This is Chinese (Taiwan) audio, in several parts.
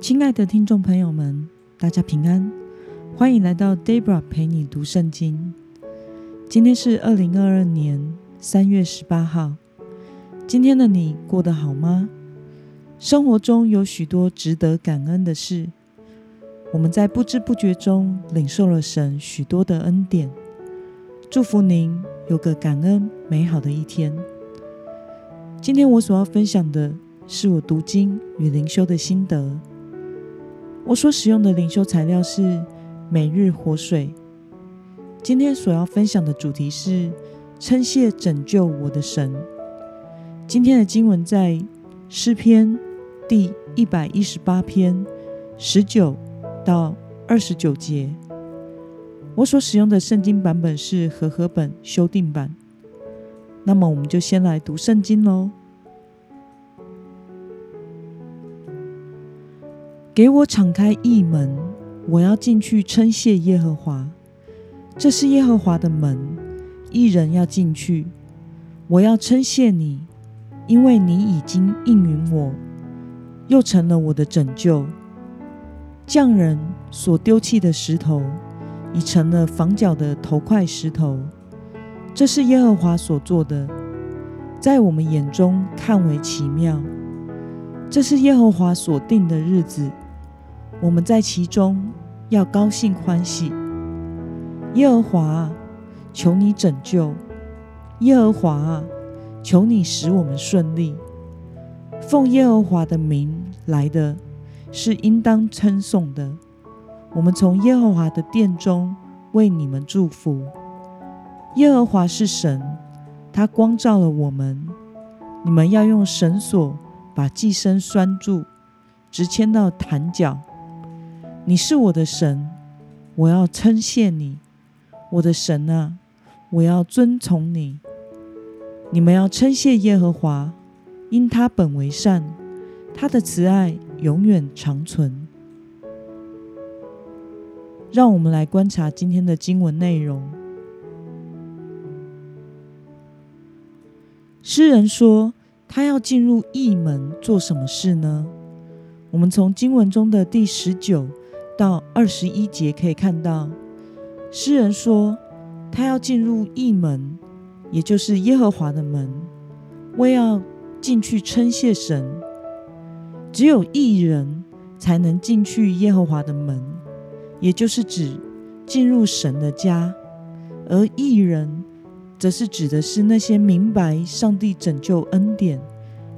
親愛的聽眾朋友們，大家平安，歡迎來到 Deborah 陪你讀聖經。今天是二零二二年三月十八號。今天的你過得好嗎？生活中有許多值得感恩的事，我們在不知不覺中領受了神許多的恩典。祝福您有個感恩美好的一天。今天我所要分享的是我讀經與靈修的心得。我所使用的靈修材料是《每日活水》，今天所要分享的主題是“稱謝拯救我的神”。今天的經文在詩篇第一百一十八篇十九到二十九節。我所使用的聖經版本是和合本修訂版。那麼，我們就先來讀聖經嘍。給我敞開義門，我要進去稱謝耶和華。這是耶和華的門，義人要進去。我要稱謝你，因為你已經應允我，又成了我的拯救。匠人所丟棄的石頭，已成了房角的頭塊石頭。這是耶和華所做的，在我們眼中看為奇妙。這是耶和華所定的日子。我們在其中要高興歡喜，耶和華啊，求你拯救；耶和華啊，求你使我們順利。奉耶和華的名來的，是應當稱頌的。我們從耶和華的殿中為你們祝福。耶和華是神，他光照了我們。你們要用繩索把祭牲拴住，直牽到壇角。你是我的神，我要稱謝你，我的神啊，我要尊崇你。你們要稱謝耶和華，因他本為善，他的慈愛永遠長存。讓我們來觀察今天的經文內容。詩人說，他要進入義門做什麼事呢？我們從經文中的第十九。到二十一節可以看到，詩人說他要進入義門，也就是耶和華的門，為要進去稱謝神。只有義人才能進去耶和華的門，也就是指進入神的家。而義人，則是指的是那些明白上帝拯救恩典，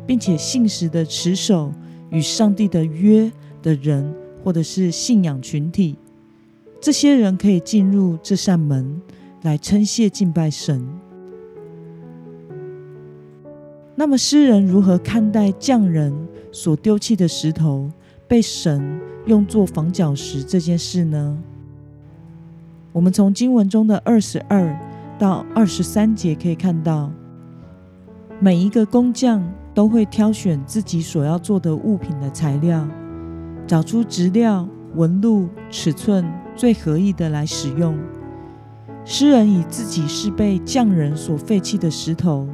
並且信實的持守與上帝的約的人。或者是信仰群體，這些人可以進入這扇門來稱謝敬拜神。那麼，詩人如何看待匠人所丟棄的石頭被神用作房角石這件事呢？我們從經文中的二十二到二十三節可以看到，每一個工匠都會挑選自己所要做的物品的材料。找出質料、紋路、尺寸最合意的來使用。詩人以自己是被匠人所廢棄的石頭，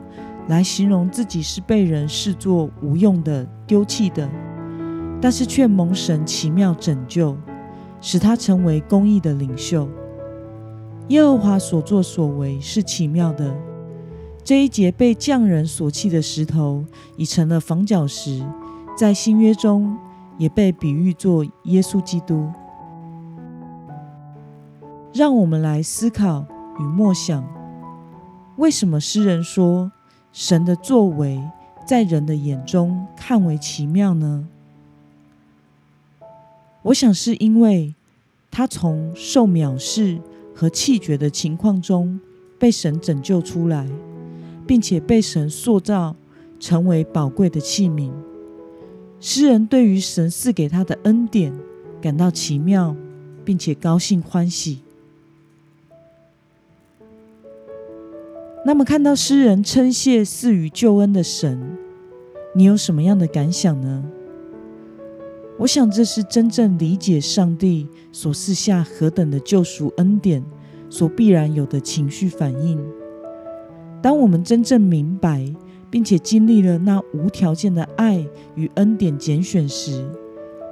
來形容自己是被人視作無用的丟棄的，但是卻蒙神奇妙拯救，使他成為公義的領袖。耶和華所作所為是奇妙的。這一節被匠人所棄的石頭，已成了房角石，在新約中，也被比喻作耶穌基督。讓我們來思考與默想：為什麼詩人說神的作為在人的眼中看為奇妙呢？我想是因為他從受藐視和棄絕的情況中被神拯救出來，並且被神塑造成為寶貴的器皿。詩人對於神賜給他的恩典感到奇妙，並且高興歡喜。那麼，看到詩人稱謝賜予救恩的神，你有什麼樣的感想呢？我想，這是真正理解上帝所賜下何等的救贖恩典所必然有的情緒反應。當我們真正明白，並且經歷了那無條件的愛與恩典揀選時，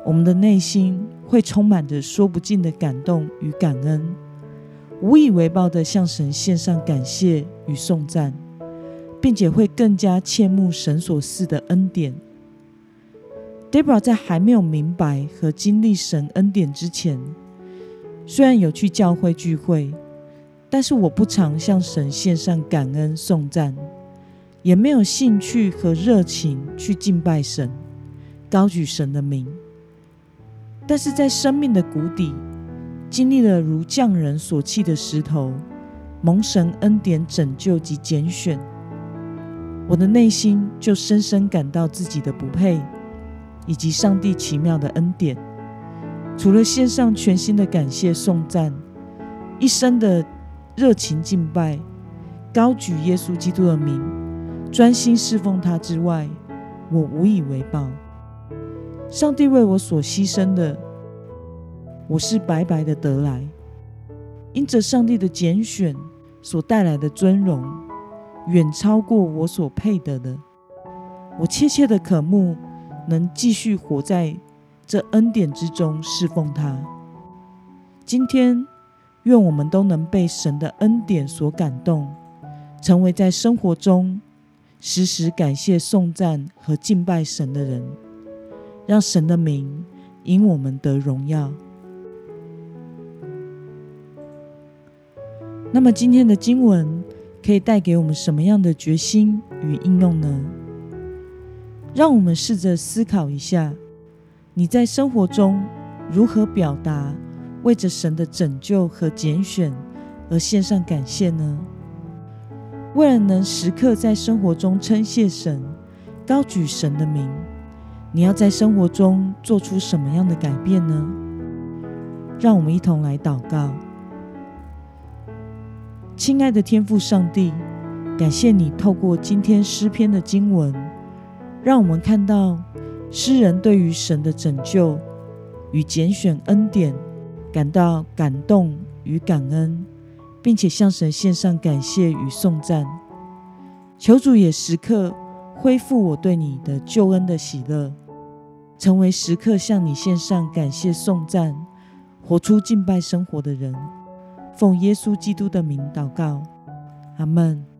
我們的內心會充滿着說不盡的感動與感恩，無以為報的向神獻上感謝與頌讚，並且會更加切慕神所賜的恩典。Deborah 在還沒有明白和經歷神恩典之前，雖然有去教會聚會，但是我不常向神獻上感恩頌讚。也沒有興趣和熱情去敬拜神，高舉神的名。但是在生命的谷底，經歷了如匠人所棄的石頭，蒙神恩典拯救及揀選，我的內心就深深感到自己的不配，以及上帝奇妙的恩典。除了獻上全心的感謝、頌讚，一生的熱情敬拜，高舉耶穌基督的名。專心侍奉他之外，我無以為報。上帝為我所犧牲的，我是白白的得來。因着上帝的揀選所帶來的尊榮，遠超過我所配得的。我切切的渴慕能繼續活在這恩典之中侍奉他。今天，願我們都能被神的恩典所感動，成為在生活中。時時感謝頌讚和敬拜神的人，讓神的名因我們得榮耀。那麼今天的經文可以帶給我們什麼樣的決心與應用呢？讓我們試着思考一下：你在生活中如何表達為着神的拯救和揀選而獻上感謝呢？為了能時刻在生活中稱謝神、高舉神的名，你要在生活中做出什麼樣的改變呢？讓我們一同來禱告。親愛的天父上帝，感謝你透過今天詩篇的經文，讓我們看到詩人對於神的拯救與揀選恩典感到感動與感恩。並且向神獻上感謝與頌讚，求主也時刻恢復我對你的救恩的喜樂，成為時刻向你獻上感謝頌讚、活出敬拜生活的人。奉耶穌基督的名禱告，阿門。